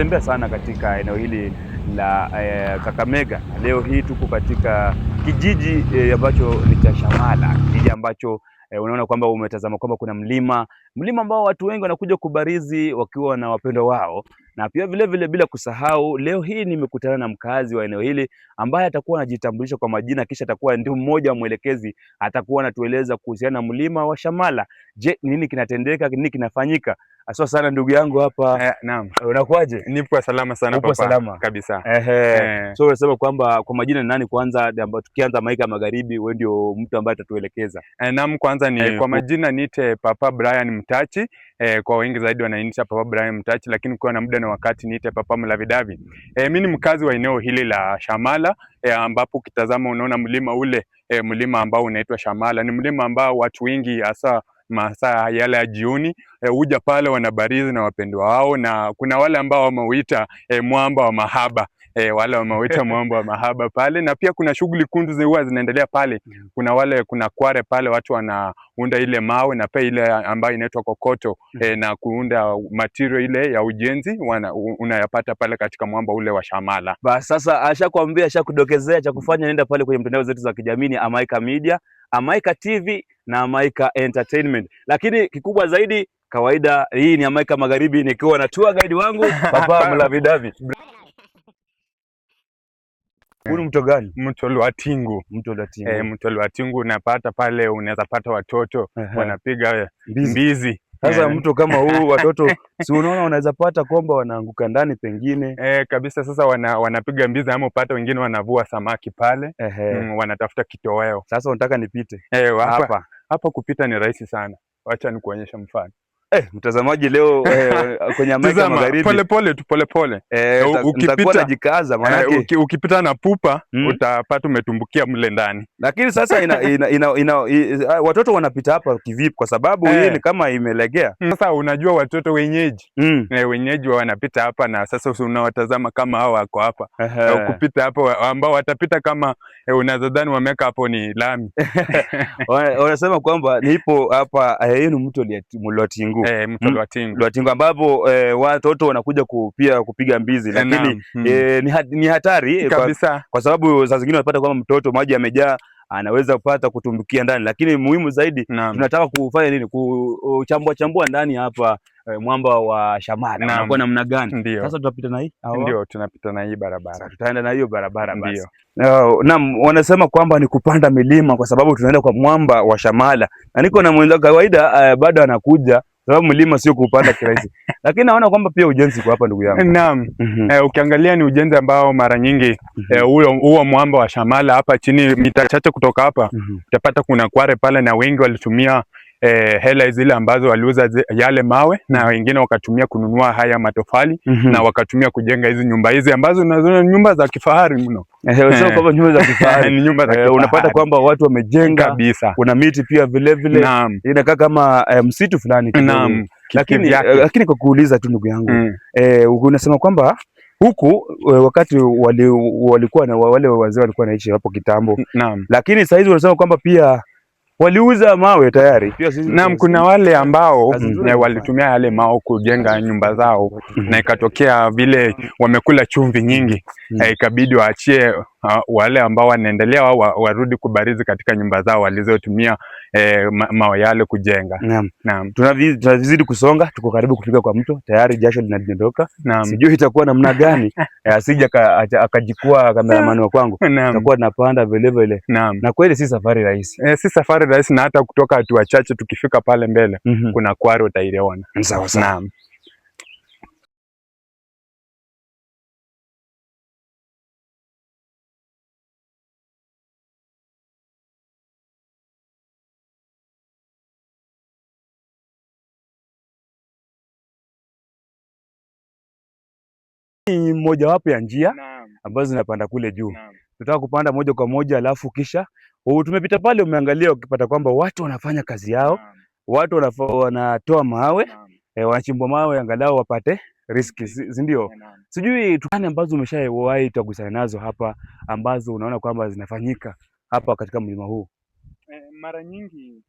Nimetembea sana katika eneo hili la eh, Kakamega. Leo hii tuko katika kijiji eh, ambacho ni cha Shamala, kijiji ambacho eh, unaona kwamba umetazama kwamba kuna mlima, mlima ambao watu wengi wanakuja kubarizi wakiwa na wapendwa wao, na pia vile vile bila kusahau, leo hii nimekutana na mkazi wa eneo hili ambaye atakuwa anajitambulisha kwa majina, kisha atakuwa ndio mmoja wa mwelekezi, atakuwa anatueleza kuhusiana na mlima wa Shamala. Je, nini kinatendeka, nini kinafanyika? Aswa sana ndugu yangu hapa. Eh, naam. Unakuaje? Nipo salama sana Upo papa. Salama. Kabisa. Ehe. Eh. So unasema kwamba kwa majina nani kwanza ambao tukianza Maika Magharibi wewe ndio mtu ambaye atatuelekeza. Eh, naam kwanza ni eh, kwa majina niite Papa Brian Mtachi. Eh, kwa wengi zaidi wanainisha Papa Brian Mtachi lakini kwa na muda na wakati niite Papa Mlavidavi. Eh, mimi ni mkazi wa eneo hili la Shamala eh, ambapo ukitazama unaona mlima ule eh, mlima ambao unaitwa Shamala ni mlima ambao watu wengi hasa masaa yale ya jioni e, huja e, pale wanabarizi na wapendwa wao, na kuna wale ambao wameuita e, mwamba wa mahaba e, wale wameuita mwamba wa mahaba pale, na pia kuna shughuli kundu huwa zinaendelea pale. Kuna wale kuna kware pale watu wanaunda ile mawe na pia ile ambayo inaitwa kokoto e, na kuunda material ile ya ujenzi wana, unayapata pale katika mwamba ule wa Shamala. Ba, sasa ashakwambia ashakudokezea cha kufanya, nenda pale kwenye mtandao zetu za kijamii ni Amaica Media. Amaika TV na Amaika Entertainment, lakini kikubwa zaidi kawaida hii ni Amaika Magharibi nikiwa na tour guide wangu Papa Mlavi David. mto gani? Mto Lwatingu. Mto Lwatingu. Eh, mto Lwatingu unapata pale, unaweza pata watoto wanapiga mbizi sasa yaani. mtu kama huu watoto si unaona, wanaweza pata kwamba wanaanguka ndani pengine e, kabisa. Sasa wana, wanapiga mbizi ama upata wengine wanavua samaki pale mm, wanatafuta kitoweo. Sasa unataka nipite e, hapa hapa? Kupita ni rahisi sana, wacha nikuonyesha mfano. Eh, mtazamaji leo eh, kwenye Amerika Magharibi pole tu pole. eh, eh ukipita jikaza eh, manake eh, uki, ukipita na pupa mm, utapata umetumbukia mle ndani, lakini sasa ina, ina, ina, ina, ina, watoto wanapita hapa kivipi? Kwa sababu eh, ni kama imelegea hmm, sasa. Unajua watoto wenyeji mm, eh, wenyeji wa wanapita hapa na sasa unawatazama kama hao wako hapa eh, kupita hapa ambao watapita kama eh, unazodhani wameweka hapo ni lami wanasema kwamba nipo hapa, eh, hii ni mtu Eh, hmm. Tingu e, mto wa Tingu, wa Tingu ambapo e, watoto wanakuja kupia kupiga mbizi, eh, lakini e, ni, hat, ni hatari kabisa kwa, kwa sababu saa zingine unapata kwamba mtoto maji yamejaa anaweza kupata kutumbukia ndani, lakini muhimu zaidi tunataka kufanya nini? Kuchambua chambua ndani hapa e, mwamba wa Shamara unakuwa namna gani? Ndiyo. Sasa tunapita na hii ndio, tunapita na hii barabara, tutaenda na hiyo barabara basi. Naam, wanasema kwamba ni kupanda milima, kwa sababu tunaenda kwa mwamba wa Shamala na niko na mwenzangu kawaida, uh, bado anakuja sababu mlima sio kuupanda kirahisi, lakini naona kwamba pia ujenzi kwa hapa ndugu yangu. Naam. mm -hmm. Eh, ukiangalia ni ujenzi ambao mara nyingi mhm. eh, huo mm -hmm. eh, mwamba wa Shamala hapa chini mita chache kutoka hapa mm -hmm. utapata kuna kware pale na wengi walitumia e, hela zile ambazo waliuza yale mawe na wengine wakatumia kununua haya matofali mm -hmm. na wakatumia kujenga hizi nyumba hizi ambazo unaziona nyumba za kifahari mno. Eh, sio eh. nyumba za kifahari ni nyumba za kifahari. Unapata kwamba watu wamejenga kabisa, kuna miti pia vile vile inakaa kama e, msitu fulani naam, lakini lakini kwa kuuliza tu ndugu yangu mm. e, unasema kwamba huku wakati wali, walikuwa na wale wazee walikuwa naishi hapo kitambo, naam, lakini sasa hizi unasema kwamba pia waliuza mawe tayari. Naam, kuna wale ambao walitumia yale mawe kujenga nyumba zao na ikatokea vile wamekula chumvi nyingi, ikabidi waachie uh, wale ambao wanaendelea wao warudi kubarizi katika nyumba zao walizotumia eh, mawe yale kujenga. Naam. Naam. Tunazidi kusonga, tuko karibu kufika kwa mto, tayari jasho linadondoka. Sijui itakuwa namna gani eh, asija akajikua kameraman wa kwangu. Tutakuwa tunapanda vile vile. Na kweli si safari rahisi. Eh, si safari rahisi na hata kutoka hatua chache tukifika pale mbele mm -hmm. kuna kwari utaiona. Sawa sawa. Naam. mojawapo ya njia ambazo zinapanda kule juu. Tutataka kupanda moja kwa moja, alafu kisha tumepita pale, umeangalia ukipata kwamba watu wanafanya kazi yao Naam. watu wanafo, wanatoa mawe e, eh, wanachimbwa mawe angalau wapate riski, si ndio? Eh, Sijui tukani ambazo umeshawahi kugusana nazo hapa ambazo unaona kwamba zinafanyika hapa katika mlima huu. Eh, mara nyingi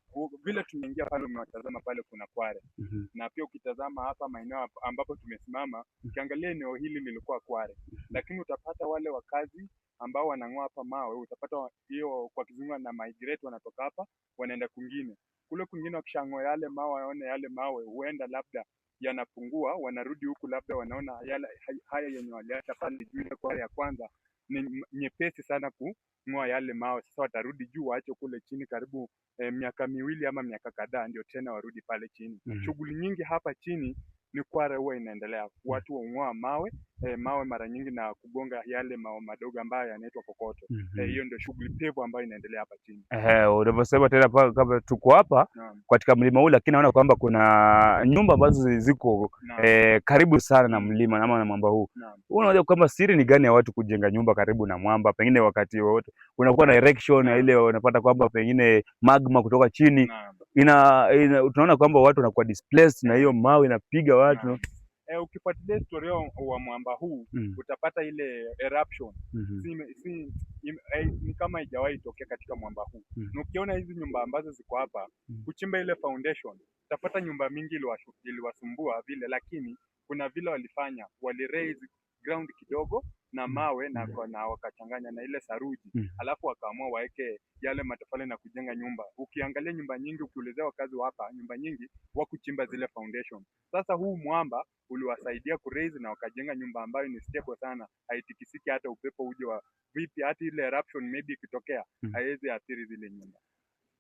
vile tumeingia pale, umewatazama pale, kuna kware mm -hmm. na pia ukitazama hapa maeneo ambapo tumesimama, mhm. ukiangalia eneo hili lilikuwa kware mm -hmm. lakini utapata wale wakazi ambao wanang'oa hapa mawe, utapata hiyo kwa kizungu na migrate, wanatoka hapa wanaenda kwingine. Kule kwingine wakishang'oa yale mawe, waone yale mawe, huenda labda yanapungua, wanarudi huku, labda wanaona yale haya yenye waliacha pale juu ile kware ya kwanza ni nyepesi sana kung'oa yale mawe. Sasa watarudi juu waache kule chini karibu eh, miaka miwili ama miaka kadhaa ndio tena warudi pale chini. Mm -hmm. Shughuli nyingi hapa chini ni kware huwa inaendelea, hmm. watu hung'oa mawe e, mawe mara nyingi na kugonga yale mawe madogo ambayo yanaitwa kokoto. mm -hmm. E, ndio shughuli pevu ambayo inaendelea hapa chini. Ehe, unavyosema tena kama tuko hapa katika mlima huu, lakini naona kwamba kuna nyumba ambazo ziko e, karibu sana na hmm. mlima ama na mwamba huu. Unaona kwamba siri ni gani ya watu kujenga nyumba karibu na mwamba? Pengine wakati wote unakuwa na erection ya ile, unapata kwamba pengine magma kutoka chini ina, ina, tunaona kwamba watu wanakuwa displaced na hiyo mawe inapiga watu E, eh, eh, ukifuatilia historia wa mwamba huu mm. utapata ile eruption mm -hmm. si, si, im, e, ni kama haijawahi tokea katika mwamba huu mm -hmm. na ukiona hizi nyumba ambazo ziko hapa mm -hmm. kuchimba ile foundation utapata nyumba mingi iliwasumbua vile, lakini kuna vile walifanya wali raise ground kidogo na mm. mawe na, na wakachanganya na ile saruji mm. Alafu wakaamua waeke yale matofali na kujenga nyumba. Ukiangalia nyumba nyingi, ukiulizia wakazi wa hapa, nyumba nyingi wa kuchimba zile foundation. Sasa huu mwamba uliwasaidia kuraise na wakajenga nyumba ambayo ni stable sana, haitikisiki hata upepo uje wa vipi, hata ile eruption maybe ikitokea mm. haiwezi athiri zile nyumba.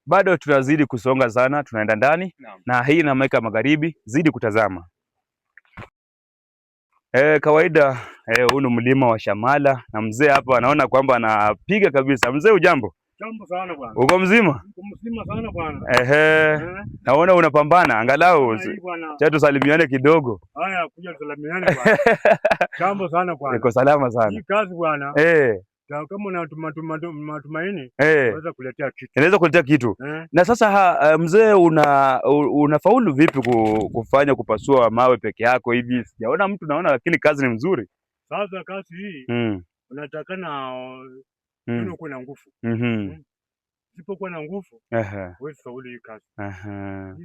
Bado tunazidi kusonga sana, tunaenda ndani na, na hii magharibi, zidi kutazama. E, kawaida eh, huu e, ni mlima wa Shamala na mzee hapa anaona kwamba anapiga kabisa. Mzee ujambo? Jambo sana bwana. Uko mzima? Uko Mzima sana bwana. Ehe. Eh? Naona unapambana angalau cha tusalimiane kidogo. Haya, kuja tusalimiane bwana. Jambo sana bwana. Niko salama sana. Hii kazi bwana. Eh kama una matumaini inaweza eh. kuletea kitu, inaweza kuletea kitu. Eh. Na sasa eh, mzee, una unafaulu vipi kufanya kupasua mawe peke yako hivi? Sijaona mtu, naona lakini kazi ni mzuri. Sasa kazi hii hmm. unatakana hmm. na nguvu mm -hmm. Usipokuwa na nguvu huwezi faulu hii kazi.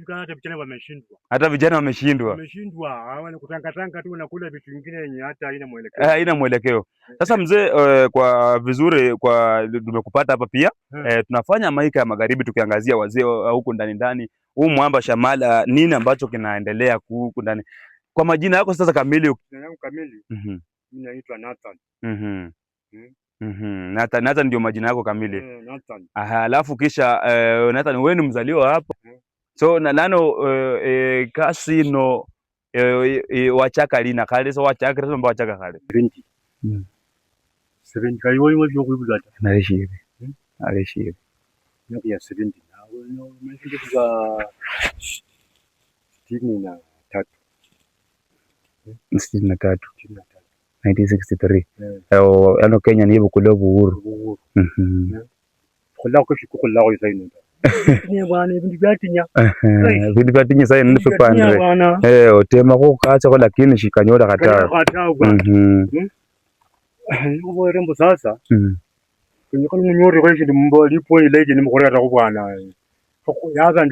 Hata vijana wameshindwa, hata vijana wameshindwa, wameshindwa hawana kutangatanga tu, nakula vitu vingine yenye hata haina mwelekeo, eh, haina mwelekeo. Sasa eh. mzee, uh, kwa vizuri kwa tumekupata hapa pia eh, tunafanya maika ya magharibi tukiangazia wazee huko ndani ndani, huu mwamba Shamala, nini ambacho kinaendelea huku ndani. Kwa majina yako sasa kamili, jina langu kamili, mhm. mimi naitwa Nathan. Mhm. Hmm? Mhm. Nathan, Nathan ndio majina yako kamili. Eh, Nathan. Aha, alafu kisha uh, Nathan wewe ni mzaliwa hapo. Mm So na nano uh, e, kasi no e, wachaka lina kale so wachaka so mba wachaka kale. 70. Mm. Hmm? Na reshi. Hmm? Na reshi. 1963 mm-hmm. ee, e ee, o ano kenya ni ibu kulo buhuru kulo ko byatinya ibindi byatinya sai ndi otema ko lakini shikanyola kata ngo rembo sasa kunyo kali munyori ko shindi mbo lipo ile je ni mukorera ko bwana yaza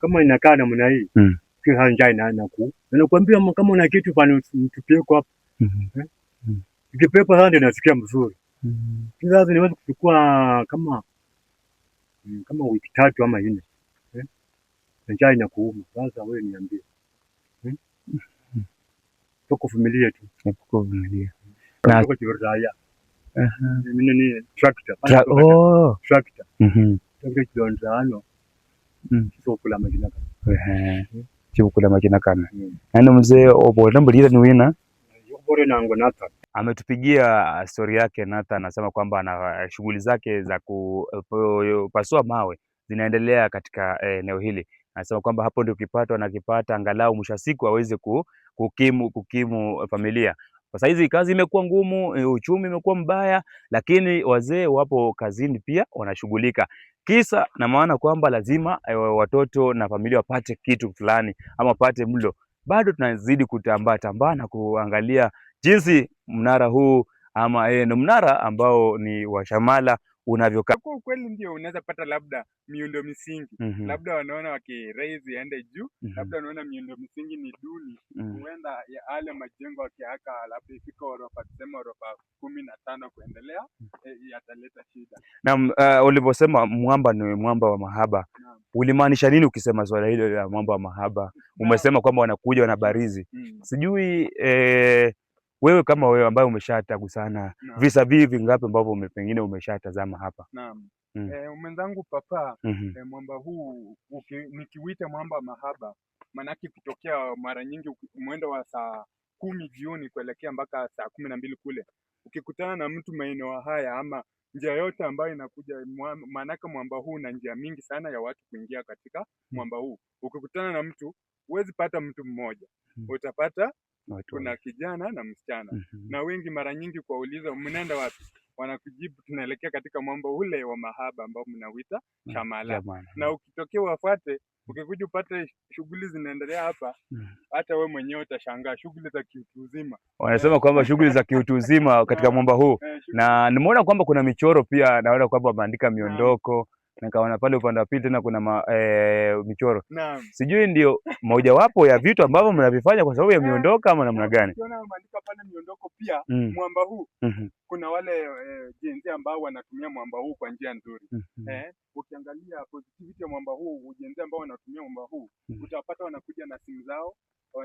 kama inakaa namna kila njai na na ku nakwambia, kama una kitu pani mtupiko hapa Mhm. Eh? mhm. ukipepa sana ndio nasikia mzuri. Mhm. Sasa niweze kuchukua kama mm, kama wiki tatu ama nne eh, njai na kuuma. Sasa wewe niambie, eh? Mhm. familia tu, familia. na kwa Kiburaya mimi ni tractor oh tractor mhm tractor ndio ndio ano mm. sio kula majina Eh chikula machinakana mm. Yani mzee opotambulira ni wina ametupigia stori yake Nathan, anasema kwamba ana shughuli zake za kupasua eh, mawe zinaendelea katika eh, eneo eh, hili. Anasema kwamba hapo ndio kipato anakipata angalau mwisho siku aweze kukimu, kukimu familia. Kwa saizi kazi imekuwa ngumu, eh, uchumi umekuwa mbaya, lakini wazee wapo kazini pia wanashughulika. Kisa na maana kwamba lazima eh, watoto na familia wapate kitu fulani ama wapate mlo. Bado tunazidi kutambaa tambaa na kuangalia jinsi mnara huu ama e, mnara ambao ni wa Shamala unavyokaa. Kwa ukweli ndio unaweza pata labda miundo misingi mm -hmm. labda wanaona wakiraise yaende juu mm -hmm. labda wanaona miundo misingi ni duni mhm. huenda mm -hmm. yale ale majengo yakiaka labda ifika orofa tuseme orofa kumi na tano kuendelea mm -hmm. e, yataleta shida. na uh, uliposema mwamba ni mwamba wa mahaba na, ulimaanisha nini ukisema swala hilo la mwamba wa mahaba? Umesema kwamba wanakuja wanabarizi mm -hmm. sijui eh, wewe kama wewe ambaye umeshatagu sana visa vivi vingapi ambavyo ume, pengine umeshatazama hapa? Naam. Mm. E, mwenzangu papa mm -hmm. E, mwamba huu uki, nikiwita mwamba mahaba maanake kutokea mara nyingi mwendo wa saa kumi jioni kuelekea mpaka saa kumi na mbili kule ukikutana na mtu maeneo haya ama njia yote ambayo inakuja maanake mwamba huu na njia mingi sana ya watu kuingia katika mm. mwamba huu. Ukikutana na mtu huwezi pata mtu mmoja, mm. utapata kuna kijana na msichana mm -hmm. na wengi mara nyingi kuwauliza mnaenda wapi, wanakujibu tunaelekea katika mwamba ule wa mahaba ambao mnawita mm, Shamala mm -hmm. na ukitokea wafuate ukikuja upate shughuli zinaendelea hapa, mm. hata we mwenyewe utashangaa shughuli za kiutu uzima. Wanasema kwamba eh. shughuli za kiutu uzima katika mwamba huu, eh, na nimeona kwamba kuna michoro pia, naona kwamba wameandika miondoko nikaona pale upande wa pili tena kuna ma, e, michoro naam. Sijui ndio mojawapo ya vitu ambavyo mnavifanya kwa sababu ya miondoko ama namna gani? Unaona maandika pale miondoko pia mm. mwamba huu mm -hmm. kuna wale e, eh, jenzi ambao wanatumia mwamba huu kwa njia nzuri mm -hmm. eh, ukiangalia positivity ya mwamba huu jenzi ambao wanatumia mwamba huu mm -hmm. utapata wanakuja na simu zao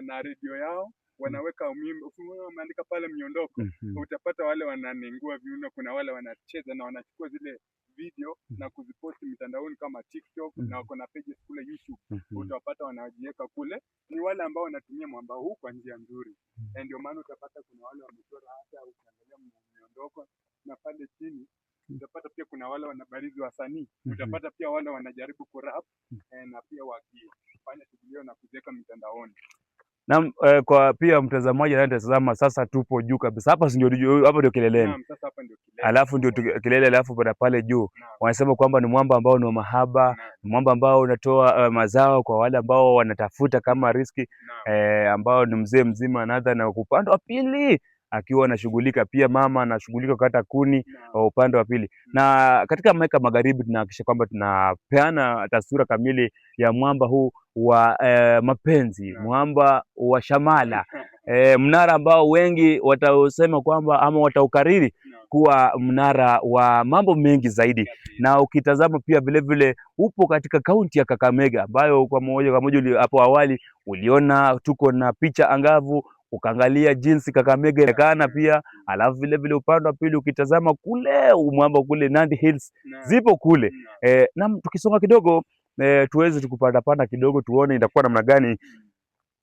na redio yao wanaweka mimbo, wameandika pale mnyondoko mm -hmm. Utapata wale wananingua viuno, kuna wale wanacheza na wanachukua zile video na mhm. kuziposti mitandaoni kama TikTok mm -hmm. na mhm. wako na pages kule YouTube mm -hmm. Utawapata wanajiweka kule, ni wale ambao wanatumia mwamba huu kwa njia nzuri mm -hmm. Ndio maana utapata kuna wale wamechora, hata ukiangalia miondoko na pale chini mhm. utapata pia kuna wale wanabarizi wasanii mm -hmm. Utapata pia wale wanajaribu kurap mm -hmm. na pia wakifanya shughuli na kujeka mitandaoni. Na uh, kwa pia mtazamaji anayetazama sasa, tupo juu kabisa hapa, si ndio? Hapa ndio kileleni, alafu ndio kilele, alafu pana pale juu wanasema kwamba ni mwamba ambao ni wa mahaba, ni mwamba ambao unatoa uh, mazao kwa wale ambao wanatafuta kama riski eh, ambao ni mzee mzima anadha na upande wa pili akiwa anashughulika pia, mama anashughulika kata kuni wa eh, upande wa pili. Mm. Na katika Malaika Magharibi tunahakikisha kwamba tunapeana taswira kamili ya mwamba huu wa eh, mapenzi mwamba wa shamala eh, mnara ambao wengi watausema kwamba ama wataukariri kuwa mnara wa mambo mengi zaidi, na ukitazama pia vilevile upo katika kaunti ya Kakamega ambayo kwa moja kwa moja hapo awali uliona tuko na picha angavu ukaangalia jinsi Kakamega inaonekana pia, alafu vile vile upande wa pili ukitazama kule umwamba kule Nandi Hills zipo kule eh, na tukisonga kidogo e, tuweze tukupandapanda kidogo tuone itakuwa namna gani.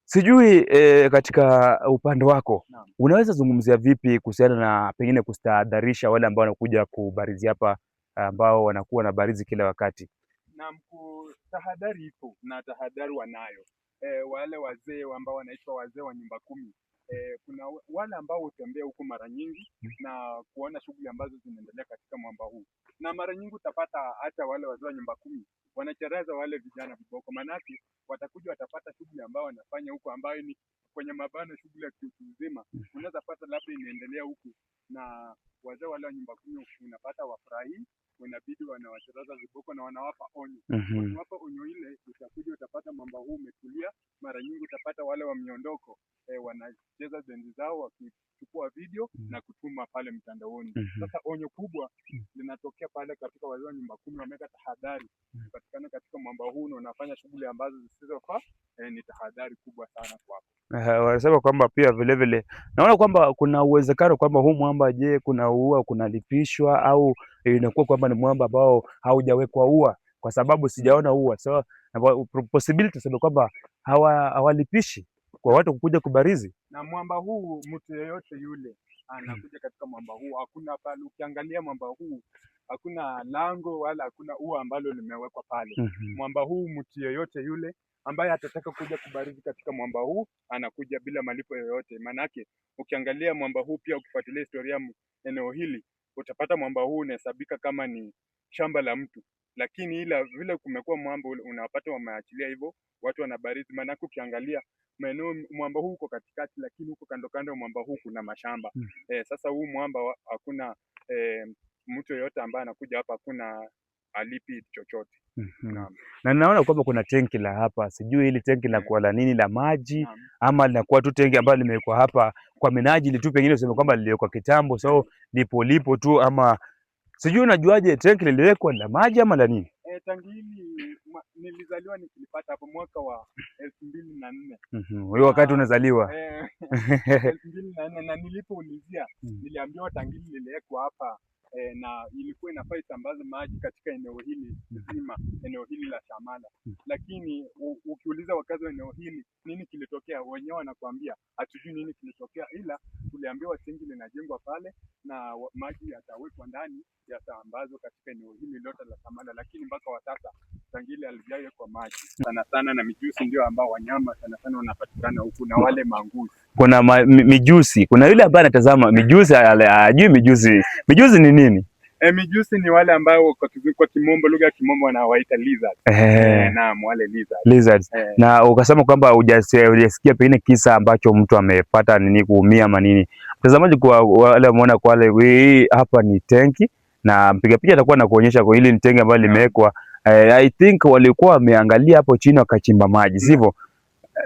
Sijui e, katika upande wako no. unaweza zungumzia vipi kuhusiana na pengine kustahadharisha wale ambao wanakuja kubarizi hapa ambao wanakuwa na barizi kila wakati? Naam, tahadhari ipo na tahadhari wanayo e, wale wazee ambao wanaitwa wazee wa nyumba kumi E, kuna wale ambao hutembea huku mara nyingi hmm. na kuona shughuli ambazo zinaendelea katika mwamba huu, na mara nyingi utapata hata wale wazee wa nyumba kumi wanachereza wale vijana viboko, maanake watakuja watapata shughuli ambao wanafanya huku ambayo ni kwenye mabano, shughuli ya kiutu uzima hmm. unaweza pata labda inaendelea huku, na wazee wale wa nyumba kumi unapata wafurahii wanabidi wanawachoraza viboko na wanawapa onyo. Mhm. Wakiwapa onyo ile, utakuja utapata mwamba huu umetulia. Mara nyingi utapata wale wa miondoko eh, wanacheza bendi zao wakichukua video mhm. na kutuma pale mtandaoni. Mhm. Sasa onyo kubwa linatokea pale katika wazee wa nyumba kumi wameweka tahadhari, upatikana katika mwamba huu na unafanya shughuli ambazo zisizofaa eh, ni tahadhari kubwa sana kwako. Uh, wanasema kwamba pia vile vile naona kwamba kuna uwezekano kwamba huu mwamba, je, kuna ua kunalipishwa au inakuwa kwamba ni mwamba ambao haujawekwa ua, kwa sababu sijaona ua. So possibility sema kwamba hawa hawalipishi kwa watu kukuja kubarizi na mwamba huu. Mtu yeyote yule anakuja hmm. katika mwamba huu, hakuna pale. Ukiangalia mwamba huu hakuna lango wala hakuna ua ambalo limewekwa pale. Hmm. Mwamba huu mtu yeyote yule ambaye atataka kuja kubariki katika mwamba huu anakuja bila malipo yoyote. Maanake ukiangalia mwamba huu pia, ukifuatilia historia eneo hili, utapata mwamba huu unahesabika kama ni shamba la mtu, lakini ila vile kumekuwa mwamba unapata wameachilia hivyo, watu wanabarizi. Maanake ukiangalia maeneo mwamba huu uko katikati, lakini huko kando kando ya mwamba huu kuna mashamba hmm. Eh, sasa huu mwamba hakuna eh, mtu yoyote ambaye anakuja hapa, hakuna alipi chochote. mm -hmm. Na, ninaona kwamba kuna tenki la hapa, sijui hili tenki linakuwa mm. la nini, la maji Naam. ama linakuwa tu tenki ambalo limewekwa hapa kwa minajili tu, pengine useme kwamba liliwekwa kitambo, so lipo lipo tu, ama sijui unajuaje tenki liliwekwa la maji ama la nini? E, tangi hili nilizaliwa nikilipata hapo mwaka wa elfu mbili na nne mhm. huyo wakati ah, unazaliwa eh, elfu mbili na nne na nilipoulizia, mm. niliambiwa tangi hili liliwekwa hapa e, na ilikuwa inafaa isambaze maji katika eneo hili zima, eneo hili la Shamala. Lakini u, ukiuliza wakazi wa eneo hili nini kilitokea, wenyewe wanakuambia hatujui nini kilitokea, ila tuliambiwa sinki linajengwa pale na maji yatawekwa ndani, yataambazwa katika eneo hili lote la Shamala, lakini mpaka wa sasa tangili alijaye kwa maji sana sana, na mijusi ndio ambao wanyama sana sana wanapatikana huku na wale manguzi. Kuna ma, mijusi, kuna yule ambaye anatazama mijusi, ajui mijusi, mijusi ni nini? nini? E, mijusi ni wale ambao kwa kimombo, lugha ya kimombo wanawaita lizards. Eh, naam, wale lizards. Lizards. Eh. Na ukasema kwamba hujasikia pengine kisa ambacho mtu amepata nini kuumia ama nini. Mtazamaji, kwa wale wameona, kwa wale hapa ni tenki na mpiga picha atakuwa anakuonyesha kwa hili ni tenki ambalo limewekwa eh, I think walikuwa wameangalia hapo chini wakachimba maji, sivyo?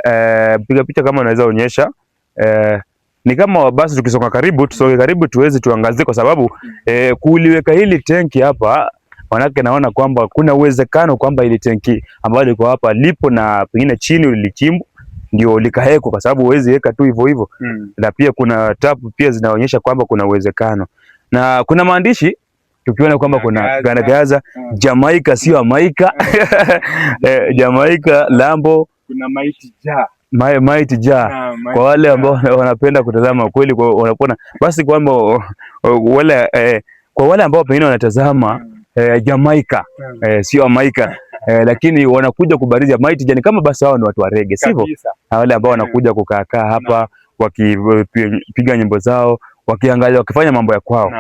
Eh, mpiga picha kama unaweza onyesha eh, ni kama wabasi, tukisonga karibu, tusonge karibu tuweze tuangazie, kwa sababu eh, kuliweka hili tenki hapa manake naona kwamba kuna uwezekano kwamba ile tenki ambayo liko hapa lipo na pengine chini lilichimbwa ndio likawekwa, kwa sababu huwezi weka tu hivyo hivyo mm. Na pia kuna tap pia zinaonyesha kwamba kuna uwezekano na kuna maandishi tukiona kwamba kuna Ganagaza mm. Jamaika sio Amaika mm. E, Jamaika Lambo kuna maiti ja might ja ah, kwa wale ambao wanapenda kutazama kweli, kwa wanapona basi kwamba wale eh, kwa wale ambao pengine wanatazama hmm. eh, Jamaica hmm. eh, sio amaika eh, lakini wanakuja kubarizi might ja ni kama basi hao ni watu wa rege, sivyo? Wale ambao wanakuja hmm. kukaa hapa wakipiga nyimbo zao wakiangalia wakifanya mambo ya kwao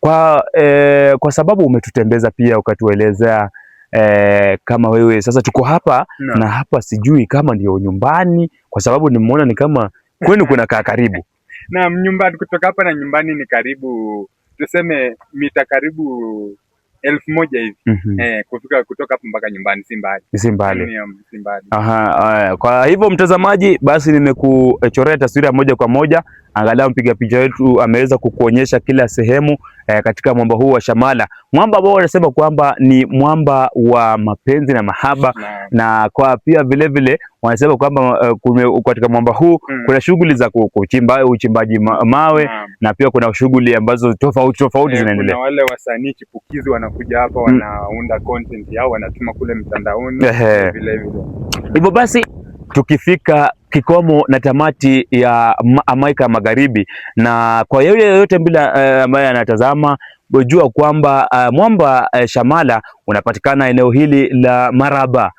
kwa, eh, kwa sababu umetutembeza pia ukatuelezea eh, kama wewe sasa tuko hapa no. na hapa sijui kama ndio nyumbani, kwa sababu nimeona ni kama kwenu kuna kaa karibu na nyumbani kutoka hapa na nyumbani ni karibu tuseme mita karibu elfu moja hivi mm -hmm. Eh, kufika kutoka hapo mpaka nyumbani si mbali, si mbali. Um, Aha, eh, kwa hivyo mtazamaji, basi nimekuchorea taswira moja kwa moja angalau mpiga picha wetu ameweza kukuonyesha kila sehemu eh, katika mwamba huu wa Shamala, mwamba ambao wanasema kwamba ni mwamba wa mapenzi na mahaba na, na kwa pia vile vile wanasema kwamba uh, katika mwamba huu mm. kuna shughuli za kuchimba uchimbaji mawe na, na pia kuna shughuli ambazo tofauti tofauti eh, zinaendelea. Kuna wale wasanii chipukizi wanakuja hapa mm. wanaunda content yao wanatuma kule mtandaoni vile vile. Hivyo basi tukifika kikomo na tamati ya ya Magharibi, na kwa yule yote bila eh, ambaye anatazama jua kwamba uh, mwamba uh, Shamala unapatikana eneo hili la Maraba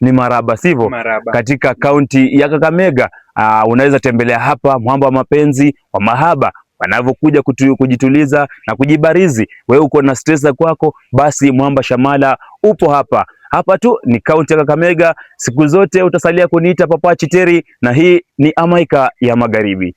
ni Maraba sivyo? Katika kaunti ya Kakamega. Uh, unaweza tembelea hapa mwamba wa mapenzi wa mahaba wanavyokuja kujituliza na kujibarizi. Wewe uko na stress kwako, basi mwamba Shamala upo hapa. Hapa tu ni kaunti ya Kakamega. Siku zote utasalia kuniita Papa Chiteri, na hii ni Amaika ya Magharibi.